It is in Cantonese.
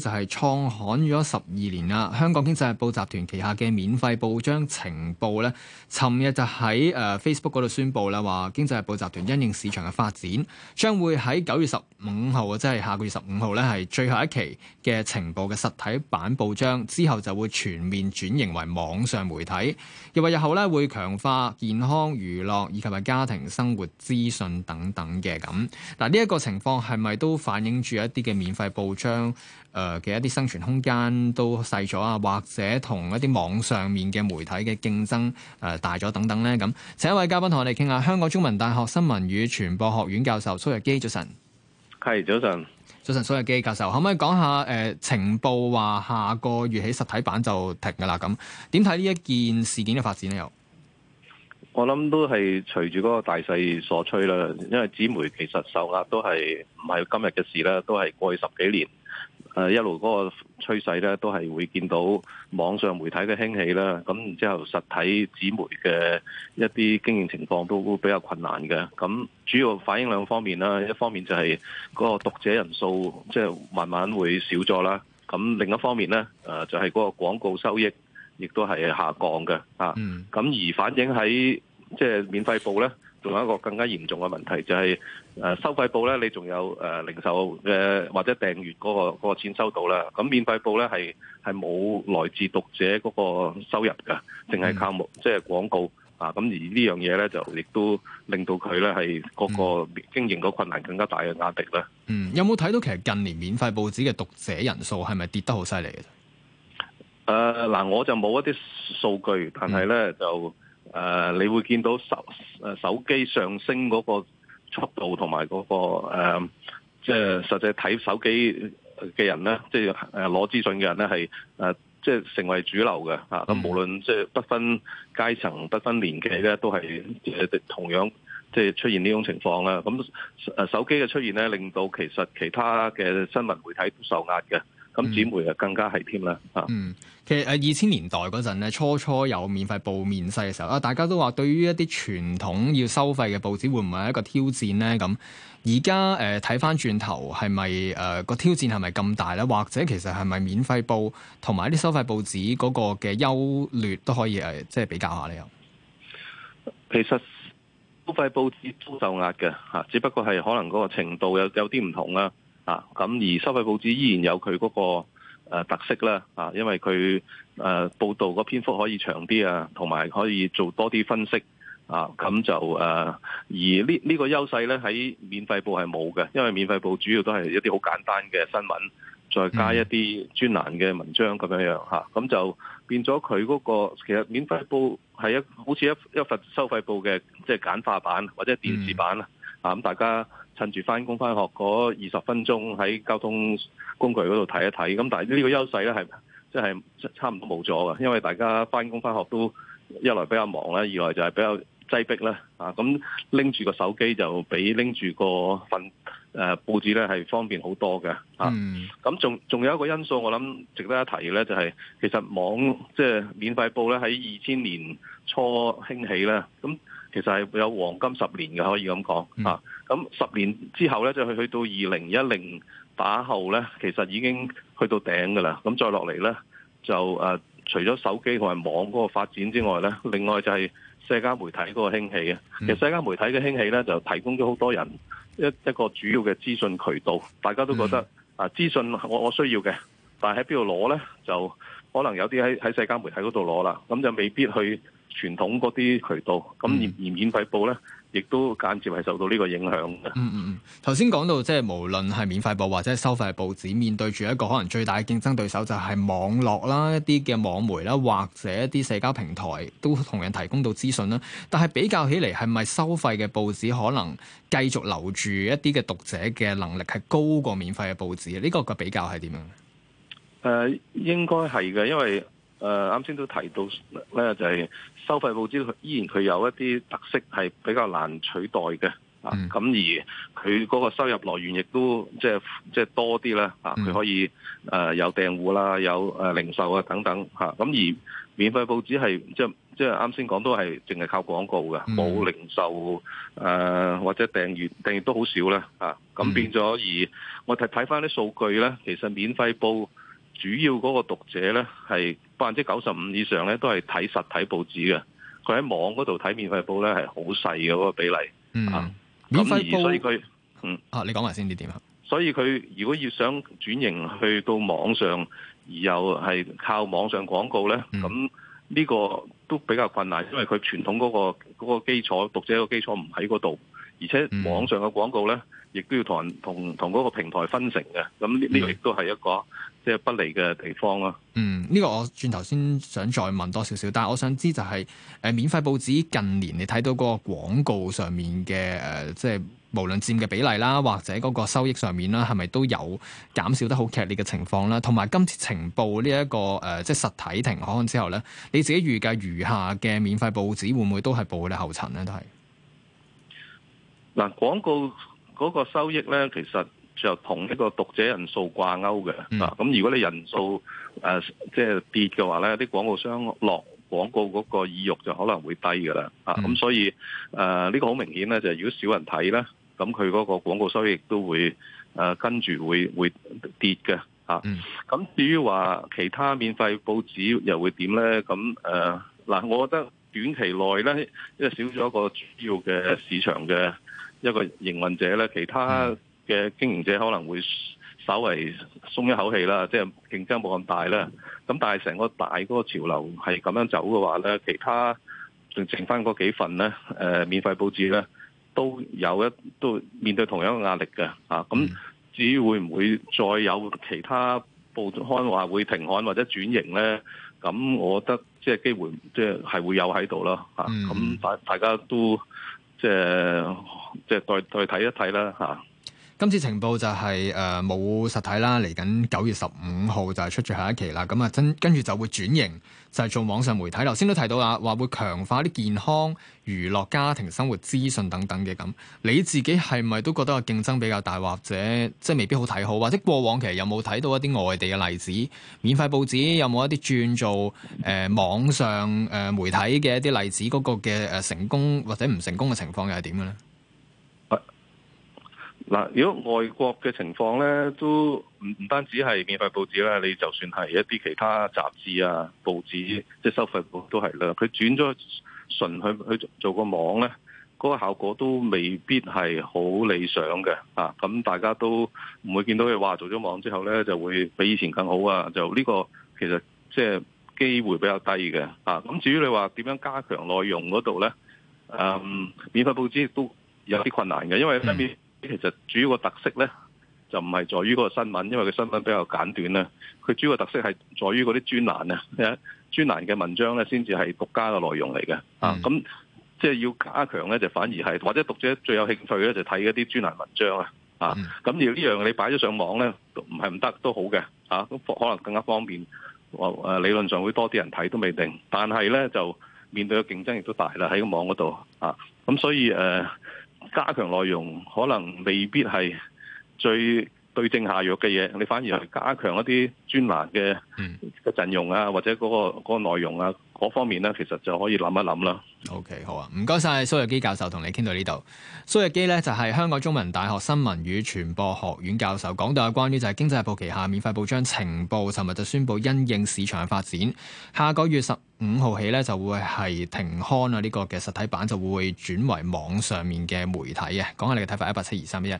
就係創刊咗十二年啦，香港經濟日報集團旗下嘅免費報章《晴報》咧，尋日就喺誒 Facebook 嗰度宣布啦，話經濟日報集團因應市場嘅發展，將會喺九月十五號，即係下個月十五號咧，係最後一期嘅晴報嘅實體版報章，之後就會全面轉型為網上媒體，又話日後咧會強化健康、娛樂以及家庭生活資訊等等嘅咁。嗱，呢一個情況係咪都反映住一啲嘅免費報章誒？誒、呃、嘅一啲生存空間都細咗啊，或者同一啲網上面嘅媒體嘅競爭誒、呃、大咗等等咧，咁請一位嘉賓同我哋傾下。香港中文大學新聞與傳播學院教授蘇鑰機，早晨，係早晨，早晨。蘇鑰機教授可唔可以講下誒晴報話下個月起實體版就停噶啦，咁點睇呢一件事件嘅發展咧？又我諗都係隨住嗰個大勢所趨啦，因為紙媒其實受壓都係唔係今日嘅事啦，都係過去十幾年。誒一路嗰個趨勢咧，都係會見到網上媒體嘅興起啦。咁然之後，實體紙媒嘅一啲經營情況都比較困難嘅。咁主要反映兩方面啦，一方面就係嗰個讀者人數即係、就是、慢慢會少咗啦。咁另一方面咧，誒就係、是、嗰個廣告收益亦都係下降嘅。嚇，咁而反映喺即係免費報咧。仲有一個更加嚴重嘅問題，就係、是、誒、呃、收費報咧，你仲有誒、呃、零售嘅或者訂閱嗰、那個嗰、那個、錢收到啦。咁免費報咧，係係冇來自讀者嗰個收入嘅，淨係靠、嗯、即係廣告啊。咁而呢樣嘢咧，就亦都令到佢咧係嗰個經營個困難更加大嘅壓力咧。嗯，有冇睇到其實近年免費報紙嘅讀者人數係咪跌得好犀利嘅？誒、呃、嗱，我就冇一啲數據，但係咧、嗯、就。誒、uh，你會見到手誒手機上升嗰個速度同埋嗰個、呃、即係實際睇手機嘅人咧，即係攞資訊嘅人咧，係、呃、即係成為主流嘅嚇。咁、嗯、無論即係不分階層、不分年紀咧，都係同樣即係出現呢種情況啦。咁誒手機嘅出現咧，令到其實其他嘅新聞媒體都受壓嘅。咁紙媒又更加係添啦，啊，嗯，其實誒，二千年代嗰陣咧，初初有免費報面世嘅時候啊，大家都話對於一啲傳統要收費嘅報紙會唔會係一個挑戰咧？咁而家誒睇翻轉頭係咪誒個挑戰係咪咁大咧？或者其實係咪免費報同埋一啲收費報紙嗰個嘅優劣都可以誒，即係比較下呢？又其實收費報紙都受壓嘅吓，只不過係可能嗰個程度有有啲唔同啦。啊，咁而收費報紙依然有佢嗰、嗰個、啊、特色啦，啊，因為佢誒、啊、報道個篇幅可以長啲啊，同埋可以做多啲分析啊，咁就誒，而呢呢、呢個優勢咧喺免費報係冇嘅，因為免費報主要都係一啲好簡單嘅新聞，再加一啲專欄嘅文章咁、嗯、樣樣咁、啊、就變咗佢嗰個其實免費報係一好似一一份收費報嘅即係簡化版或者電子版、嗯、啊，咁大家。趁住返工返學嗰二十分鐘喺交通工具嗰度睇一睇，咁但係呢個優勢咧係即係差唔多冇咗嘅，因為大家返工返學都一來比較忙啦，二來就係比較擠迫啦，啊，咁拎住個手機就比拎住個份誒報紙咧係方便好多嘅，啊，咁仲仲有一個因素我諗值得一提咧，就係其實網即係、即係、免費報咧喺二千年初興起啦，咁。其實係有黃金十年嘅，可以咁講、嗯、啊！咁十年之後呢，就去去到二零一零打後呢，其實已經去到頂嘅啦。咁再落嚟呢，就、啊、除咗手機同埋網嗰個發展之外呢，另外就係社交媒體嗰個興起、嗯、其實社交媒體嘅興起呢，就提供咗好多人一一個主要嘅資訊渠道。大家都覺得、嗯、啊，資訊我我需要嘅，但係喺邊度攞呢？就可能有啲喺喺社交媒體嗰度攞啦。咁就未必去傳統嗰啲渠道，咁而而免費報咧，亦都間接係受到呢個影響嘅。嗯嗯嗯，頭先講到即係無論係免費報或者係收費報紙，面對住一個可能最大嘅競爭對手就係網絡啦、一啲嘅網媒啦，或者一啲社交平台都同樣提供到資訊啦。但係比較起嚟，係咪收費嘅報紙可能繼續留住一啲嘅讀者嘅能力係高過免費嘅報紙？呢個嘅比較係點樣？誒、呃，應該係嘅，因為。誒啱先都提到咧，就係、是、收費報紙，依然佢有一啲特色係比較難取代嘅、mm. 啊。咁而佢嗰個收入來源亦都即係即係多啲啦啊，佢、mm. 可以誒有訂戶啦，有誒零售啊等等嚇。咁、啊、而免費報紙係即係即係啱先講都係淨係靠廣告嘅，冇、mm. 零售誒、呃、或者訂閱訂閱都好少啦啊。咁、啊、變咗、mm. 而我睇睇返啲數據咧，其實免費報主要嗰個讀者呢，係百分之九十五以上呢，都係睇實體報紙嘅。佢喺網嗰度睇免費報呢，係好細嘅嗰個比例。嗯，咁所以佢，嗯、啊、你講埋先啲點啊？所以佢如果要想轉型去到網上，而又係靠網上廣告呢，咁呢個都比較困難，因為佢傳統嗰、嗰個嗰個基礎讀者嘅基礎唔喺嗰度。而且網上嘅廣告咧，亦都要同同同嗰個平台分成嘅，咁呢呢個亦都係一個即係不利嘅地方咯。嗯，呢、呢個我轉頭先想再問多少少，但係我想知就係、是、誒、呃、免費報紙近年你睇到嗰個廣告上面嘅誒、呃，即係無論佔嘅比例啦，或者嗰個收益上面啦，係咪都有減少得好劇烈嘅情況啦？同埋今次晴報呢、這、一個誒、呃，即係實體停刊之後咧，你自己預計餘下嘅免費報紙會唔會都係步佢後塵咧？都係。嗱廣告嗰個收益咧，其實就同一個讀者人數掛鈎嘅啊。咁如果你人數誒即係跌嘅話咧，啲廣告商落廣告嗰個意欲就可能會低㗎啦、嗯、啊。咁所以誒呢、呃呢個好明顯咧，就係、如果少人睇咧，咁佢嗰個廣告收益都會誒、呃、跟住會會跌嘅咁、啊嗯啊、至於話其他免費報紙又會點咧？咁誒嗱，我覺得短期內咧，因為少咗一個主要嘅市場嘅。一個營運者咧，其他嘅經營者可能會稍微鬆一口氣啦，即係競爭冇咁大啦。咁但係成個大嗰個潮流係咁樣走嘅話咧，其他仲剩翻嗰幾份咧，誒免費報紙咧，都有一都面對同樣嘅壓力嘅咁、嗯、至於會唔會再有其他報刊話會停刊或者轉型咧？咁我覺得即係機會即係係會有喺度啦。啊、嗯，咁大大家都。即係即係，再再睇一睇啦嚇。啊。今次情報就係呃冇實體啦，嚟緊九月十五號就係出最後一期啦。咁啊，跟跟住就會轉型，就係做網上媒體啦。頭先都提到啦，話會強化啲健康、娛樂、家庭生活資訊等等嘅咁。你自己係咪都覺得個競爭比較大，或者即係未必好睇好，或者過往其實有冇睇到一啲外地嘅例子，免費報紙有冇一啲轉做呃網上呃媒體嘅一啲例子，嗰個嘅成功或者唔成功嘅情況又係點嘅咧？嗱，如果外國嘅情況咧，都唔唔單止係免費報紙啦，你就算係一啲其他雜誌啊、報紙，即係收費報都係啦。佢轉咗純去去做個網咧，嗰個效果都未必係好理想嘅。啊，咁大家都唔會見到佢話做咗網之後咧，就會比以前更好啊。就呢個其實即係機會比較低嘅。啊，咁至於你話點樣加強內容嗰度咧？嗯，免費報紙都有啲困難嘅，因為其實主要個特色咧，就唔係在於嗰個新聞，因為佢新聞比較簡短啦。佢主要個特色係在於嗰啲專欄啊，專欄嘅文章咧，先至係獨家嘅內容嚟嘅啊。咁即係要加強咧，就反而係或者讀者最有興趣咧，就睇一啲專欄文章啊。mm. 啊。啊，咁而呢樣你擺咗上網咧，唔係唔得都好嘅啊。咁可能更加方便，誒、啊、理論上會多啲人睇都未定。但係咧就面對嘅競爭亦都大啦，喺個網嗰度啊。咁所以誒。啊加強內容可能未必係最對症下藥嘅嘢，你反而係加強一啲專欄嘅嘅陣容啊，或者嗰個嗰個內容啊。嗰方面咧，其實就可以諗一諗啦。OK，好啊，唔該曬蘇鑰機教授同你傾到呢度。蘇鑰機呢，就係、是、香港中文大學新聞與傳播學院教授。講到有關於就係《經濟日報》旗下免費報章《晴報》，尋日就宣布因應市場發展，下個月十五號起呢，就會係停刊啊！呢、這個嘅實體版就會轉為網上面嘅媒體嘅。講下你嘅睇法，一八七二三一一。